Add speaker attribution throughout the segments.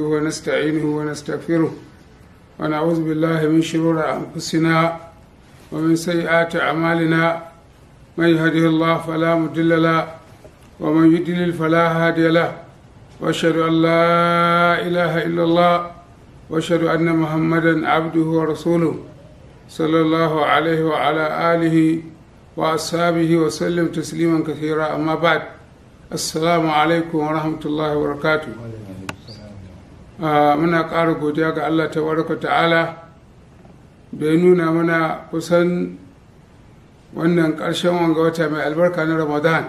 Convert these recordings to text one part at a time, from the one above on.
Speaker 1: ونستعينه ونستغفره ونعوذ بالله من شرور أنفسنا ومن سيئات أعمالنا من يهده الله فلا مضل له ومن يضلل فلا هادي له وأشهد أن لا إله إلا الله وأشهد أن محمدا عبده ورسوله صلى الله عليه وعلى آله وأصحابه وسلم تسليما كثيرا أما بعد السلام عليكم ورحمة الله وبركاته Ah, muna ƙara godiya ga allah ta warka ta'ala da ya nuna mana kusan wannan ƙarshen wanga wata mai albarka na ramadan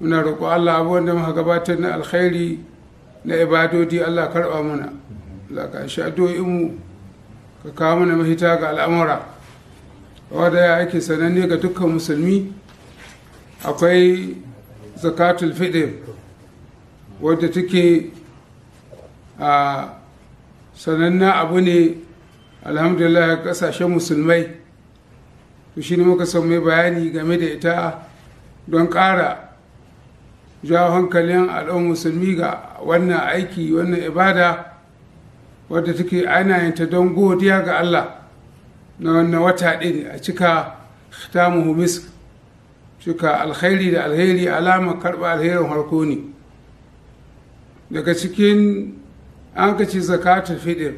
Speaker 1: muna roƙo allah abubuwan da muka gabatar na alkhairi na ibadodi allah karɓa muna allah ka shi addu'o'inmu ka kawo mana mahita ga al'amura wadda ya ake sananne ga dukkan musulmi akwai zakatul fiɗe wadda take a sanannen abu ne alhamdulillah kasashen musulmai to shi ne muka san mai bayani game da ita don ƙara jawo hankalin al'ummar musulmi ga wannan aiki wannan ibada wadda take ainayinta don godiya ga allah na wannan wata ɗin a cika ta muhimmis cika alkhairi da alheri alama karɓar alherin harko ne daga cikin an ka ce zakatu fidir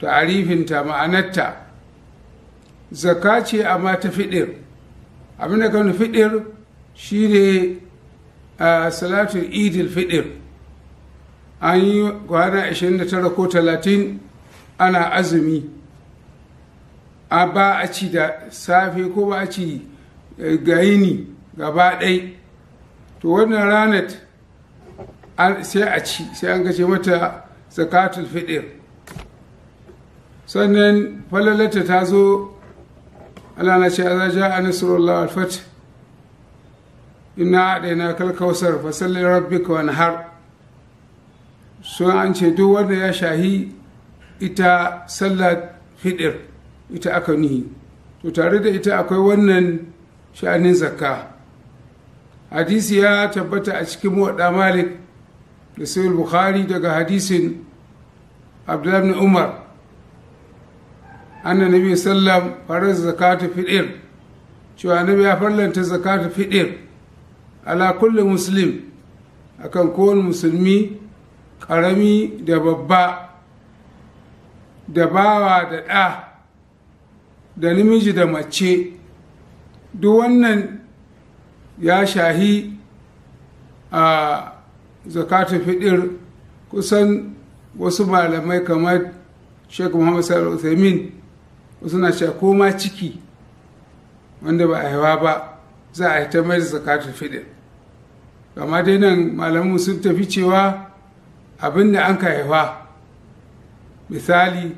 Speaker 1: ta'arifinta ma'anarta zaka ce amma ta fidir abinda ka kan fidir shi shine salatun idil fidir an yi kwana 29 ko 30 ana azumi a ba a ci da safe ko ba a ci e, gayini gaba ɗai to wannan ranar sai a ci sai an gace mata zakatul fidir sannan falalata ta zo Allah na ce za ja a nasarar alfat ina da na kalkausar fasallin rabbika wani har sun an ce duk wanda ya shahi ita sallar fidir ita aka nihi to tare da ita akwai wannan sha'anin zakka hadisi ya tabbata a cikin muwaɗa malik da sayul bukhari daga hadisin abdullahi ibn umar anna nabi sallam farar zakatu fidir cewa nabi ya farlanta zakatu fidir ala kulli muslim akan kowane musulmi karami da babba da bawa da ɗa da namiji da mace duk wannan ya shahi a ah, zakatu fidir kusan wasu malamai kamar sheikh muhammad sallallahu alaihi wasu na cewa koma ciki wanda ba a yawa ba za a yi ta mai zakatu fidir kama dai nan malamu sun tafi cewa abin da an ka haifa misali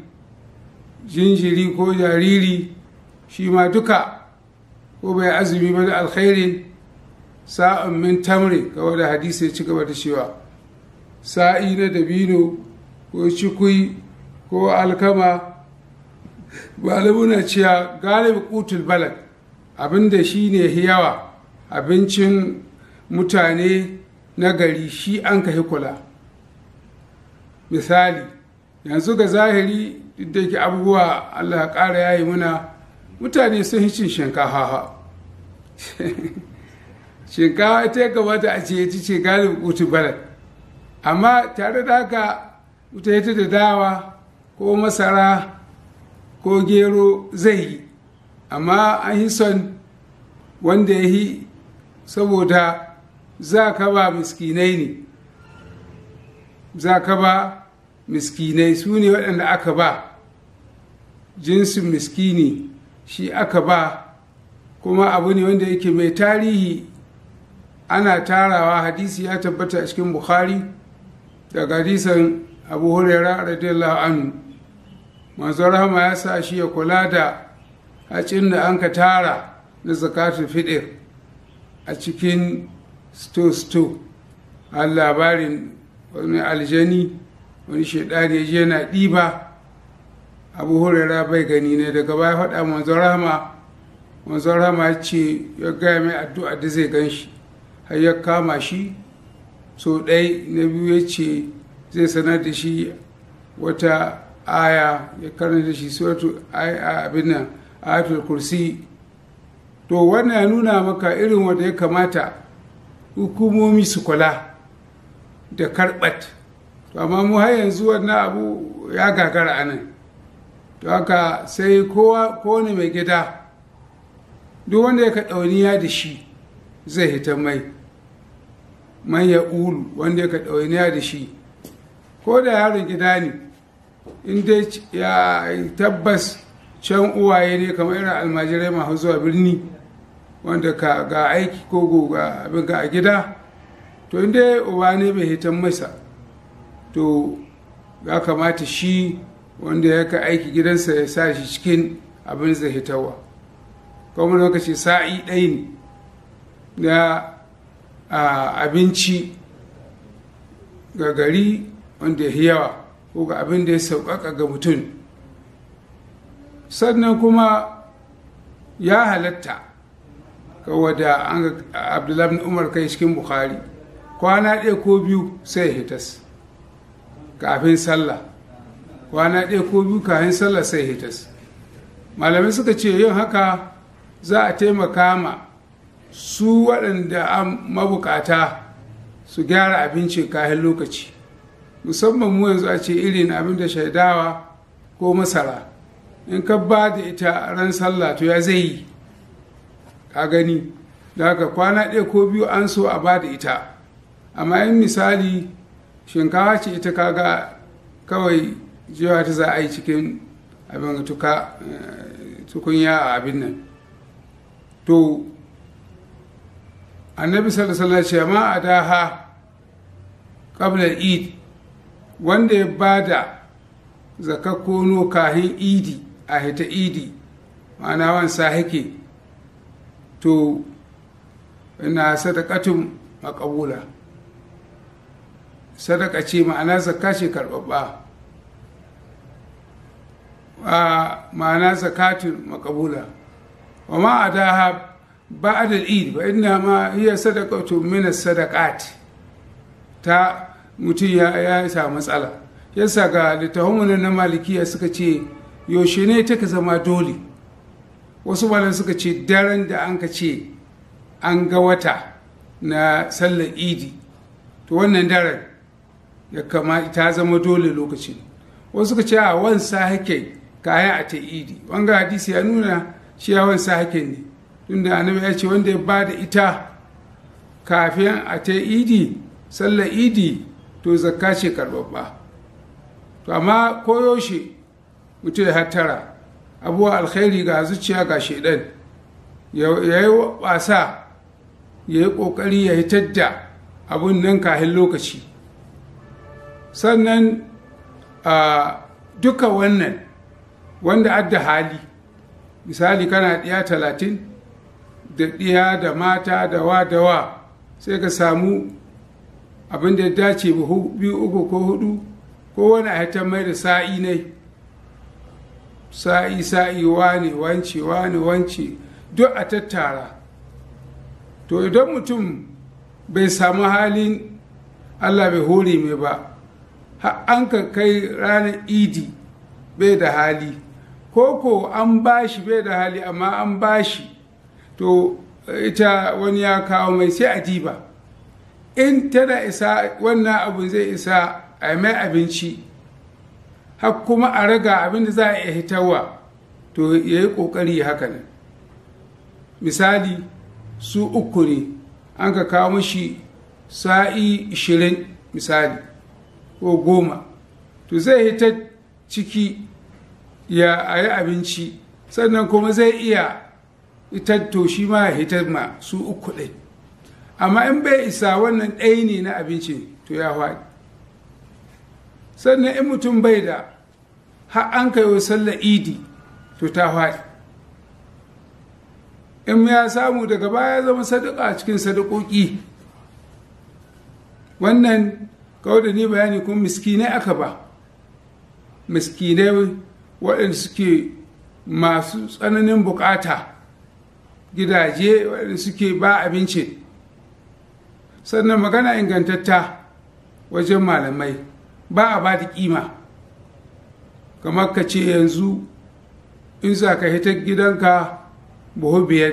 Speaker 1: jinjiri ko jariri shi ma duka ko bai azumi ba da alkhairin sa'an min tamri kawai da hadisi ya ci gaba da cewa sa'i na dabino ko cikui ko alkama na cewa galibi kutul balad abinda shi ne yawa abincin mutane na gari shi an ka kula misali yanzu ga zahiri da ke abubuwa allah ƙara yayi muna mutane sun cin shinkafa shinkawa ta ya kamata a ce ta ce galibin kutu balad amma tare da haka wuta ita da dawa ko masara ko gero zai yi amma an yi son wanda ya yi saboda za ka ba miskinai ne za ka ba miskinai su ne waɗanda aka ba jinsin miskini shi aka ba kuma abu ne wanda yake mai tarihi ana tarawa hadisi ya tabbata a cikin bukhari daga hadisan abu huraira radiyallahu anhu manzon rahama ya sa shi ya kula da hacin da an ka tara na zakatun fidir a cikin sto-sto har labarin wani aljani wani shaidari ya je na ɗiba abu huraira bai gani ne daga baya faɗa manzon rahama manzon rahama ce ya gaya mai addu'a da zai gan shi har ya kama shi so ɗai na biyu ya ce zai sanar da shi wata aya ya karanta da shi suratu abin nan ayatul kursi to wannan ya nuna maka irin wanda ya kamata hukumomi su kula da karɓat to amma mu har yanzu wannan abu ya gagara nan. to haka sai kowa kowane mai gida duk wanda ya ka ɗauniya da shi zai hita mai man ya ulu wanda ya ka ɗauniya da shi ko da yaron gida ne in dai ya tabbas can uwaye ne kamar irin almajirai masu zuwa birni wanda ka ga aiki ko ga abin ka a gida to in dai uba ne bai hitan masa to ya kamata shi wanda ya ka aiki gidansa ya sa shi cikin abin zai hitawa kuma lokaci sa'i ɗaya ne na abinci ga gari wanda ya yawa ko ga abin da ya sauƙaƙa ga mutum sannan kuma ya halatta kawai da an abdullabin umar kai cikin bukhari kwana ɗaya ko biyu sai hitas kafin sallah kwana ɗaya ko biyu kafin sallah sai hitas malamai suka ce yin haka za a taimaka ma su waɗanda mabukata su gyara abincin kayan lokaci musamman mu yanzu a ce irin abin da shaidawa ko masara in ka ba da ita ran sallah to ya zai yi ka gani da haka kwana ɗaya ko biyu an so a ba da ita amma in misali shinkawa ce ita kaga kawai jiwa ta za a yi cikin abin eh, tukunya a abin nan to annabi sallallahu alaihi wasallam ma adaha kabla eid wanda ya bada zakar kono kahin idi a hita idi ma'ana wansa hake to ina sadakatun makabula sadaka ce ma'ana zakka ce karɓaɓɓa ma'ana zakatun makabula wa ma ma'adaha inna ma hiya sadaqatu min as-sadaqat ta mutum ya samu matsala yasa ga littahunmu na malikiya suka ce yaushe ne take zama dole wasu malam suka ce daren da an ka ce an ga wata na sallar idi to wannan daren ya kama ta zama dole lokacin wasu suka ce a wansa hake kayan a ta idi wanga hadisi ya nuna shi ya sa hake ne tunda annabi ya ce wanda ya ba da ita kafin a ta idi sallar idi to zakka ce karɓaɓɓa to amma koyaushe mutum ya hattara abuwa alkhairi ga zuciya ga shaidan ya yi wasa ya yi ƙoƙari ya hitar da abun nan kahin lokaci sannan a duka wannan wanda adda hali misali kana ɗiya talatin da ɗiya da mata da wa da wa sai ka samu abin da ya dace biyu uku ko hudu ko wani a haitar mai da sa'i ne sa'i sa'i wane wance wane wance duk a tattara to idan mutum bai samu halin allah bai hore mai ba an ka kai ranar idi bai da hali Ko an bashi bai da hali amma an bashi to ita wani ya kawo mai sai a diba in tana isa wannan abu zai isa a mai abinci har kuma a raga abin da za a iya hitarwa to ya yi ƙoƙari haka nan misali su uku ne an ka kawo mashi sa'i 20 misali ko goma to zai hita ciki ya a yi abinci sannan kuma zai iya ita to shi ma ya hita ma su uku ɗai amma in bai isa wannan ɗaya ne na abincin to ya faɗi sannan in mutum bai da har an kai wa sallar idi to ta faɗi in ya samu daga baya zama sadaka a cikin sadakoki wannan kawai da ni bayani kuma miskinai aka ba miskinai waɗanda suke masu tsananin bukata gidaje waɗanda suke ba abinci sannan magana ingantatta wajen malamai ba a ba da kima kamar ka ce yanzu in za ka hita gidanka buhu biyar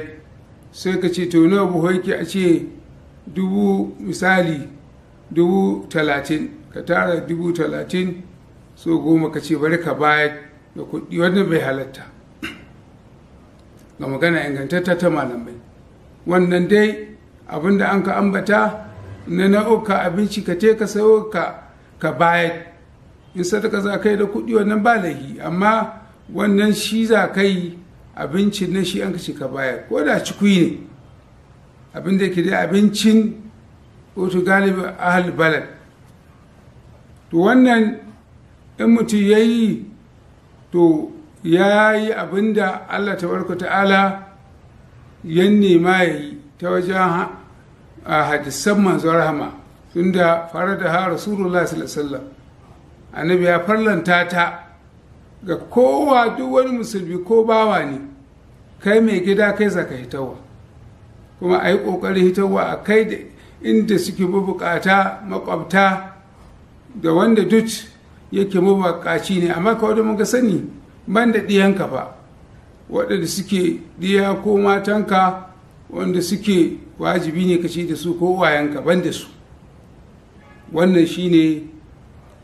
Speaker 1: sai ka ce to nawa buhu yake a ce dubu misali dubu talatin ka tara dubu talatin so goma ka ce bari ka bayar da kuɗi wannan bai halatta ga magana ingantatta ta malamai wannan dai abinda an ka ambata na na'uka abinci ka te ka sayo ka ka bayar in sadaka za kai da kuɗi wannan ba laifi. amma wannan shi za kai abincin na shi an ka kace ka bayar ko da cikui ne Abinda ke da abincin otu galibi ahal balad to wannan in mutum ya yi to ya yi abin da allah tabarka ta'ala ya nema ya yi ta wajen hadisan manzo rahama tunda fara da haɗa rasulullah sallallahu annabi ya farlanta ta ga kowa duk wani musulmi ko bawa ne kai mai gida kai zaka hitarwa kuma a yi ƙoƙarin hitarwa a kai da inda suke mabukata makwabta da wanda duk yake mabukaci ne amma kawai da muka sani ban da ɗiyanka ba waɗanda suke ɗiya ko matanka wanda suke wajibi ne kace da su ko wayanka ban da su wannan shi ne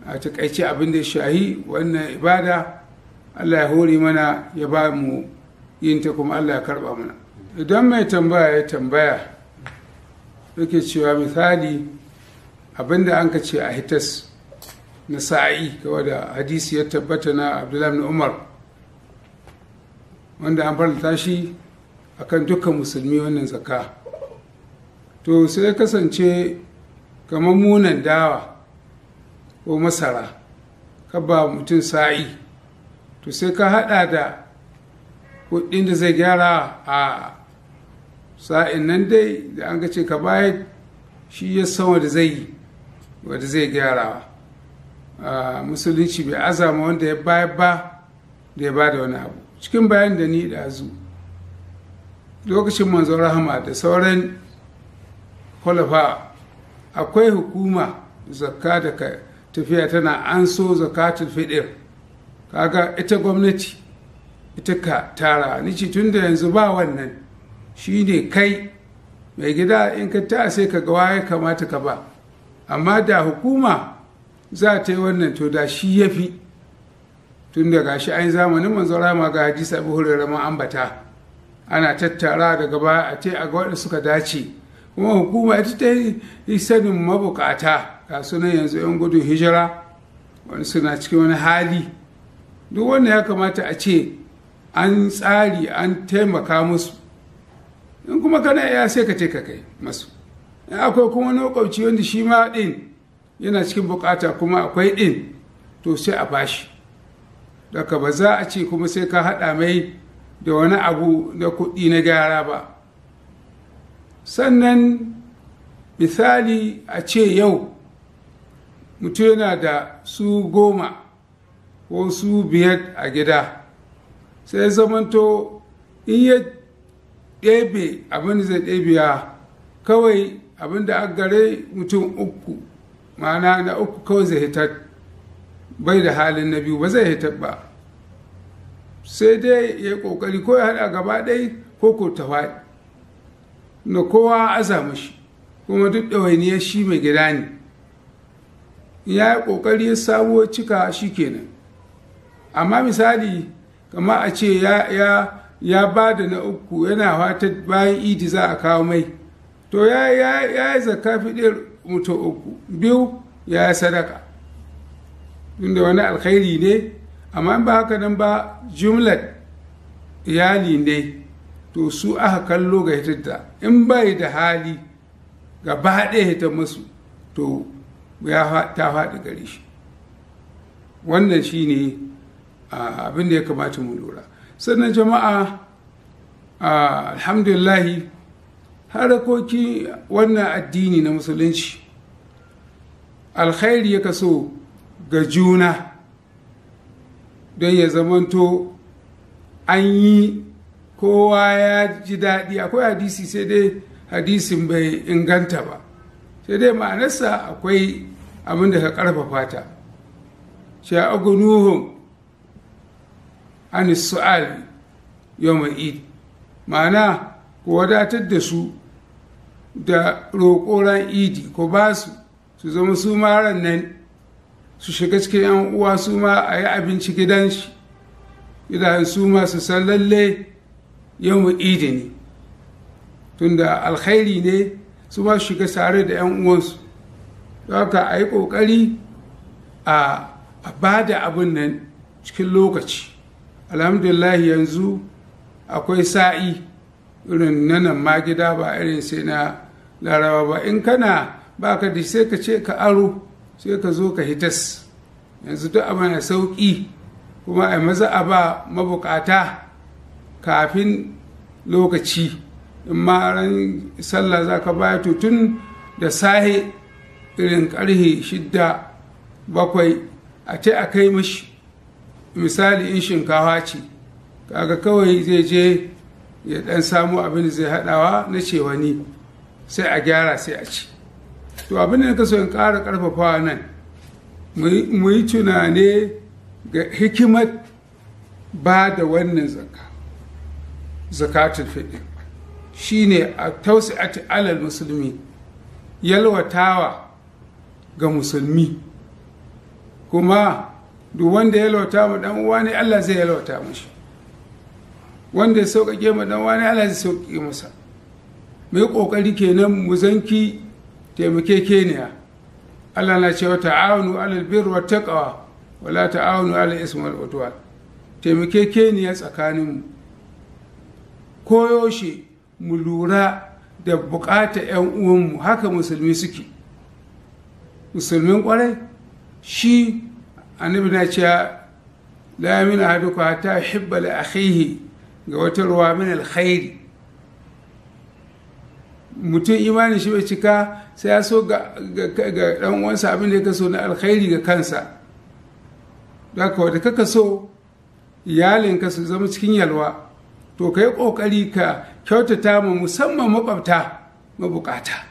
Speaker 1: a takaice abin da shahi wannan ibada allah ya hori mana ya ba mu yin ta kuma allah ya karɓa mana idan mai tambaya ya tambaya yake cewa misali abin da an ka ce a hitas na sa'i kawai da hadisi ya tabbata na abdullahi umar wanda an faranta shi kan dukkan musulmi wannan zakka to sai ya kasance kamar munan dawa ko masara ka ba mutum sa'i to sai ka hada da kudin da zai gyara a sa'in nan dai da an ga ce ka bayar shi ya san wanda zai yi wanda zai a musulunci bai azama wanda ya bayar ba da ya ba da wani abu cikin bayan da ni ɗazu lokacin manzon rahama da sauran kwalafa akwai hukuma zakka da ka tafiya tana an so zakatul fidir kaga ita gwamnati ita ka tara ni ce tun da yanzu ba wannan shine kai mai gida in ka ta sai ka gawa ya kamata ka ba amma da hukuma za ta yi wannan to da shi ya fi tun da shi ai zamanin manzo ma ga hadisi abu hurairar ma ambata ana tattara daga gaba a ce a ga waɗanda suka dace kuma hukuma ita ta yi sanin mabukata ga sunan yanzu yan gudun hijira wani suna cikin wani hali duk wanda ya kamata a ce an tsari an taimaka musu in kuma kana iya sai ka ce ka kai masu in akwai kuma wani wanda shi ma din yana cikin bukata kuma akwai din to sai a bashi daga ba za a ce kuma sai ka haɗa mai da wani abu na kuɗi na gyara ba sannan misali a ce yau mutu yana da su goma ko su biyar a gida sai zamanto in ya ɗebe abin zai ɗebiya kawai abin da gare mutum uku ma'ana na uku kawai zai hitar bai da halin na biyu ba zai hitar ba sai dai ya kokari ko ya hada gaba ɗai ko ko ta faɗi na kowa aza shi kuma duk ɗawainiyar shi mai gida ne ya yi kokari ya sabuwa cika shi kenan amma misali kama a ce ya ba da na uku yana fatar bayan idi za a kawo mai to ya yi zakafi ɗin mutu uku biyu ya yi sadaka da wani alkhairi ne amma ba haka nan ba jumlat iyali ne to su aka kallo ga hitarta in bai da hali ga ɗaya hitar masu to ya ta faɗi gare shi wannan shi ne abin da ya kamata mu lura sannan jama'a alhamdulillahi harakoki wannan addini na musulunci alkhairi ya kaso ga juna don ya zamanto an yi kowa ya ji daɗi akwai hadisi sai dai hadisin bai inganta ba sai dai ma'anarsa akwai abin da ka ƙarfafa ta agunuhun, an su'al yau id ma'ana ku wadatar da su da roƙoran idi ku ba su su zama su maran nan su shiga cikin 'yan uwa su ma a yi abinci gidan shi gidan su ma su san lalle yau idi ne tunda alkhairi ne su ma su shiga tare da 'yan uwansu haka a yi ƙoƙari a ba da abin nan cikin lokaci alhamdulillah yanzu akwai sa'i irin nanan ma gida ba irin sai na laraba ba in kana baka da sai ka ce ka aro sai ka zo ka hitas yanzu duk abin da sauƙi kuma a maza a ba mabukata kafin lokaci in ma ran sallah za ka baya tutun tun da sahi irin ƙarhe shidda bakwai a ce a kai mashi misali in shinkawa ce kaga kawai zai je ya ɗan samu abin da zai haɗawa na ce wani sai a gyara sai a ci to abin da kaso so in ƙara karfafa nan mu yi tunane ga hikimar ba da wannan zaka zakatul fiɗin ne a ci alal musulmi yalwatawa ga musulmi kuma duk wanda yalwata mu dan uwa ne Allah zai yalwata mushi wanda ya sauƙaƙe mu dan uwa ne Allah zai sauƙaƙe masa mai ƙoƙari kenan mu zanki taimakekeniya Allah na cewa ta'awunu alal birri wa taqwa wala ta'awunu alal ismi wal udwan taimakekeniya tsakaninmu koyaushe mu lura da bukata 'yan uwanmu haka musulmi suke musulmin kwarai shi annabi na cewa la yamin ahadukum hatta yuhibba li akhihi ga wata ruwa min alkhairi mutum imanin shi bai cika sai ya so ga ɗan uwansa abin da ya kaso na alkhairi ga kansa haka wadda kaka so iyalinka su zama cikin yalwa to ka yi ƙoƙari ka kyautata ma musamman maƙwabta mabukata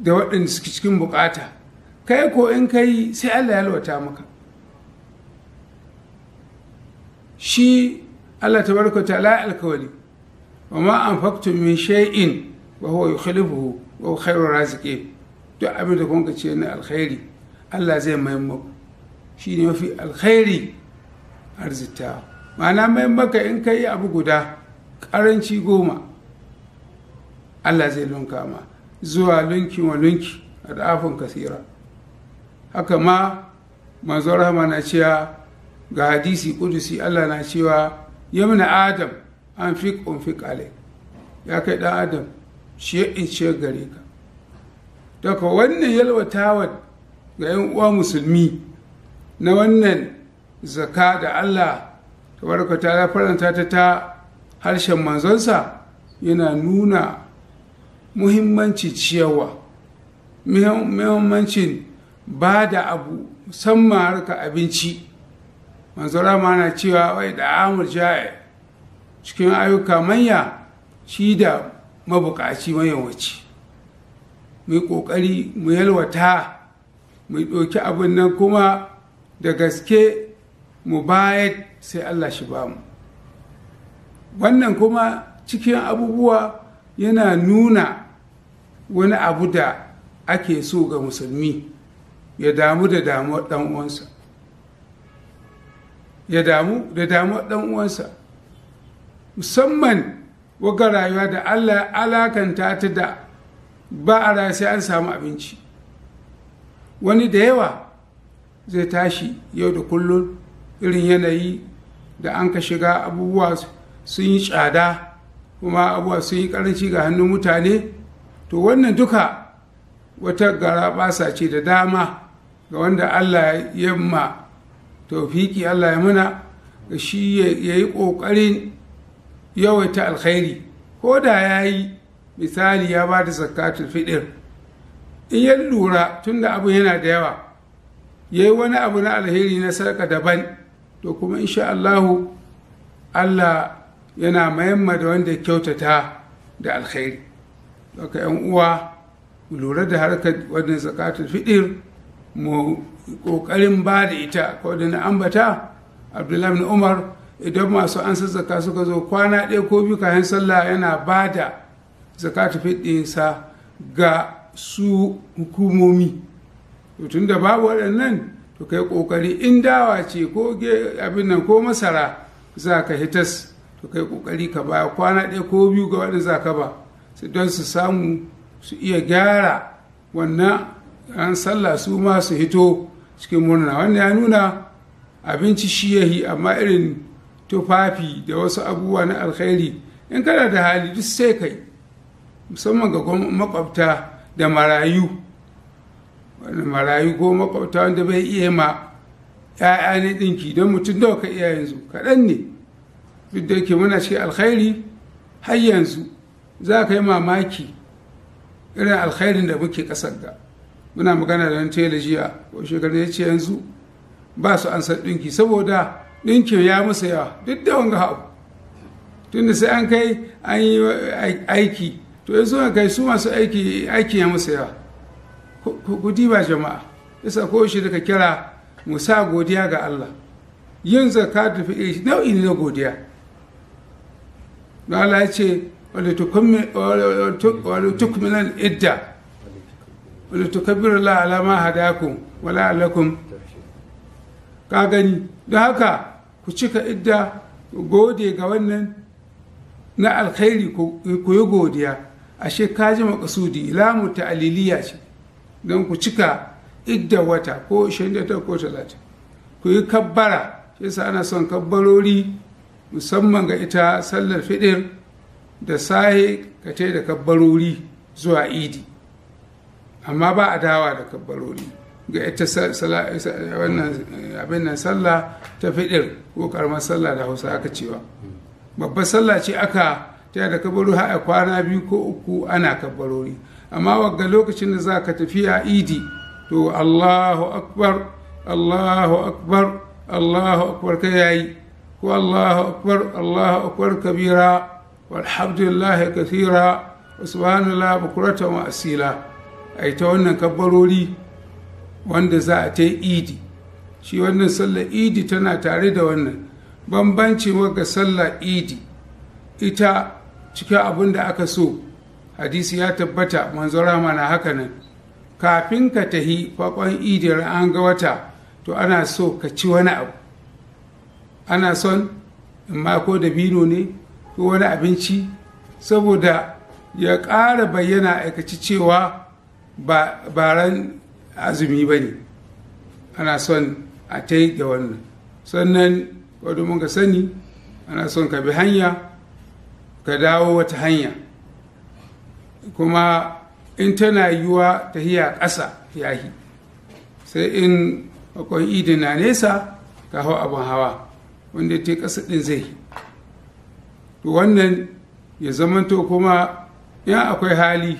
Speaker 1: da waɗanda suke cikin bukata kai ko in ka sai allah ya yalwata maka shi allah ta barka ta alkawali wa ma sha'in, min shay'in wa huwa yukhlifuhu wa khairur raziqin duk abin da kun ce na alkhairi Allah zai mai shi ne mafi alkhairi arzita ma'ana mai maka in kai abu guda karanci goma Allah zai lunka ma zuwa lunki wa lunki a da'afin kasira haka ma manzo rahama na cewa ga hadisi kudusi Allah na cewa yamna adam an fi fi alai ya kai ɗan adam shi in ce gare ka daga wannan yalwatawa ga yan uwa musulmi na wannan zaka da Allah tabaraka ya faranta ta ta harshen manzonsa yana nuna muhimmanci ciyawa muhimmancin ba da abu musamman harka abinci manzora ma na cewa wai da amur jaye cikin ayyuka manya shi da mabukaci mayawaci mai kokari ƙoƙari mu yalwata mai ɗauki abin nan kuma da gaske mu bayar sai Allah shi ba mu wannan kuma cikin abubuwa yana nuna wani abu da ake so ga musulmi ya damu da damuwar ɗan'uwansa. ya damu da damuwar ɗan uwansa musamman waga rayuwa da allah alakanta ta da ba a sai an samu abinci wani da yawa zai tashi yau da kullum irin yanayi da an ka shiga abubuwa sun yi tsada kuma abubuwa sun yi karanci ga hannun mutane to wannan duka wata gara basa ce da dama ga wanda allah ya yamma tofiki allah ya muna ga shi ya yi ƙoƙarin yawaita alkhairi ko da ya yi misali ya ba da zakatul fidir in ya lura tunda abu yana da yawa ya yi wani abu na alheri na sarka daban to kuma insha Allahu Allah yana mayamma da wanda kyautata da alkhairi daga yan uwa mu lura da harkar wannan zakatul fidir mu kokarin ba da ita ko da na ambata Abdullahi Umar idan masu an zaka suka zo kwana ɗaya ko biyu kayan sallah yana ba da zakatu sa ga su hukumomi tun da babu waɗannan to kai ƙoƙari in dawa ce ko abin nan ko masara za ka hitas to kai ƙoƙari ka baya kwana ɗaya ko biyu ga waɗanda za ka ba don su samu su iya gyara wannan an sallah su ma su hito cikin murna wannan ya nuna abinci shi yahi amma irin tufafi da wasu abubuwa na alkhairi in kana da hali duk sai kai musamman ga makwabta da marayu wani marayu ko makwabta wanda bai iya ma ya'ya ne dinki don mutum da ka iya yanzu kaɗan ne duk da yake muna cikin alkhairi har yanzu za ka yi mamaki irin alkhairin da muke ƙasar da muna magana da wani tela jiya ko shekaru ya ce yanzu ba su an ɗinki saboda ɗinkin ya musu yawa duk da wanga abu tunda sai an kai an yi aiki to yanzu zuwa kai su masu aiki aiki ya musu yawa ku diba jama'a isa ko shi daga kira musa godiya ga Allah yin zakka da iri nau'i ne na godiya don Allah ya ce wanda tukminan idda wanda tukabirla alama hadakun wala alakun ka gani don haka ku cika idda gode ga wannan na alkhairi ku yi godiya ashe ka kaji makasudi lamu aliliya ce don ku cika idda wata ko 28 ko 30 ku yi kabbara shi ana son kabbarori musamman ga ita sallar fidir da sahi, ka da kabbarori zuwa idi amma ba a dawa da kabbarori ga ita wannan abin nan sallah ta fidir ko karamar sallah da hausa aka cewa babbar sallah ce aka ta da kabaru har kwana biyu ko uku ana kabarori amma wagga lokacin da za ka tafiya idi to allahu akbar allahu akbar allahu akbar ka yayi ko allahu akbar allahu akbar kabira walhamdulillahi kathira subhanallah bukuratan wa asila ai ta wannan kabarori wanda za a ta yi idi shi wannan sallar idi tana tare da wannan bambanci ga sallar idi ita cikin abin da aka so hadisi ya tabbata manzo rama na haka nan kafin ka tahi fakon idi an ga wata to ana so ka ci wani abu ana son ma ko bino ne ko wani abinci saboda ya ƙara bayyana aikaci cewa ba ran azumi ba ne ana son a ta yi da wannan sannan wadda ka sani ana son ka bi hanya ka dawo wata hanya kuma in tana yiwuwa ta hiya ƙasa ya yi sai in akwai idi na nesa ka hau abin hawa wanda ta ƙasa ɗin zai to wannan ya zamanto kuma yan akwai hali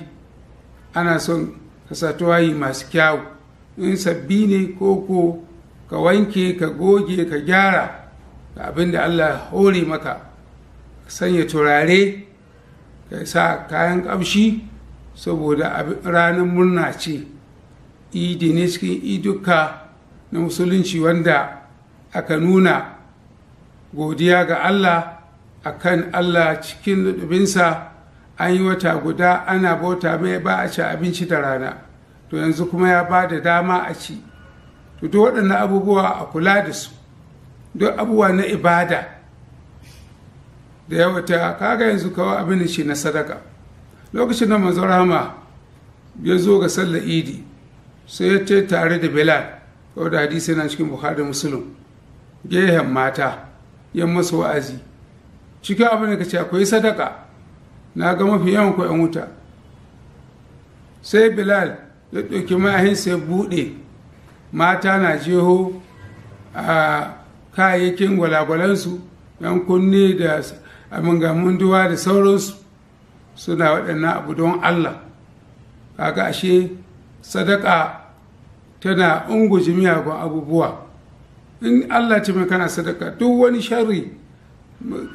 Speaker 1: ana son ka masu kyawu in sabbi ne ko ko ka wanke ka goge ka gyara ga abin da allah hore maka ka sanya turare ka sa kayan ƙamshi saboda ranar murna ce idi ne cikin iduka na musulunci wanda aka nuna godiya ga allah a kan allah cikin ludubinsa an yi wata guda ana bauta mai ba a ci abinci da rana to yanzu kuma ya ba da dama a ci to duk waɗannan abubuwa a kula da su duk abubuwa na ibada da yawata kaga yanzu kawai abin shi na sadaka lokacin da manzo ya zo ga sallar idi sai ya ce tare da bilal da hadisi na cikin bukhari muslim gehen mata yan masu wa'azi cikin abin da ka ce akwai sadaka na ga mafi yawan kwa wuta sai bilal ya ɗauki mahin ya buɗe mata na jeho a kayayyakin gwalagwalansu yan kunne da amingamin duwa da sauransu suna waɗannan abu don allah kaga ashe sadaka tana unguji miyagun abubuwa in allah ta mai kana sadaka duk wani shari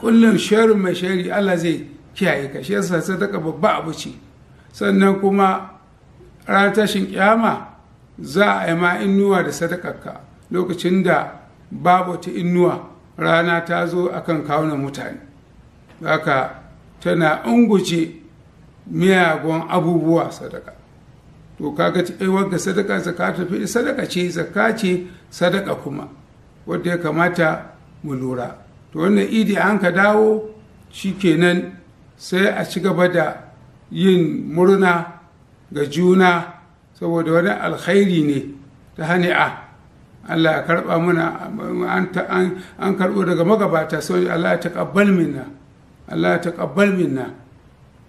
Speaker 1: kullum shari mai shari allah zai kiyaye ka shi yasa sadaka babba abu ce sannan kuma ran tashin kiyama za a yi ma innuwa da sadakarka lokacin da babu ta innuwa rana ta zo akan kawunan mutane haka tana unguje miyagun abubuwa sadaka to kaga aiwar ga sadaka zaka tafi sadaka ce zaka ce sadaka kuma wadda ya kamata mu lura to wannan idi an ka dawo shikenan sai a ci gaba da yin murna ga juna saboda wani alkhairi ne ta hani'a Allah ya karɓa mana an karɓo daga magabata sai Allah ya taƙabbal minna Allah ya taƙabbal minna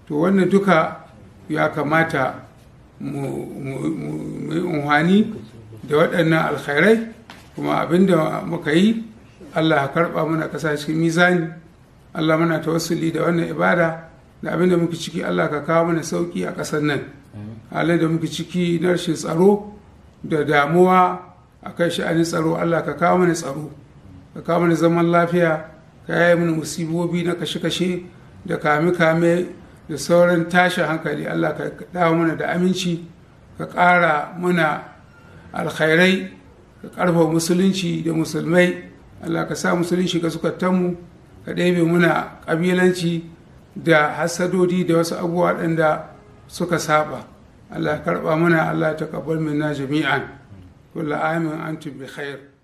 Speaker 1: to wannan duka ya kamata mu unhani da waɗannan alkhairai kuma abinda muka yi Allah ya karɓa mana ƙasashen mizani Allah muna tawassuli da wannan ibada da abin da muke ciki Allah ka kawo mana sauki a ƙasar nan halin da muke ciki na rashin tsaro da damuwa a kan sha'anin tsaro Allah ka kawo mana tsaro ka kawo mana zaman lafiya ka yaye mana musibobi na kashe-kashe da kame-kame da sauran tashin hankali Allah ka dawo mana da aminci ka ƙara mana alkhairai ka ƙarfa musulunci da musulmai Allah ka sa musulunci ga zukatanmu ka ɗebe muna ƙabilanci da hasadodi da wasu abubuwa waɗanda suka saba allah karɓa muna allah ta kabar minna jami'an kullu amin antum bi khair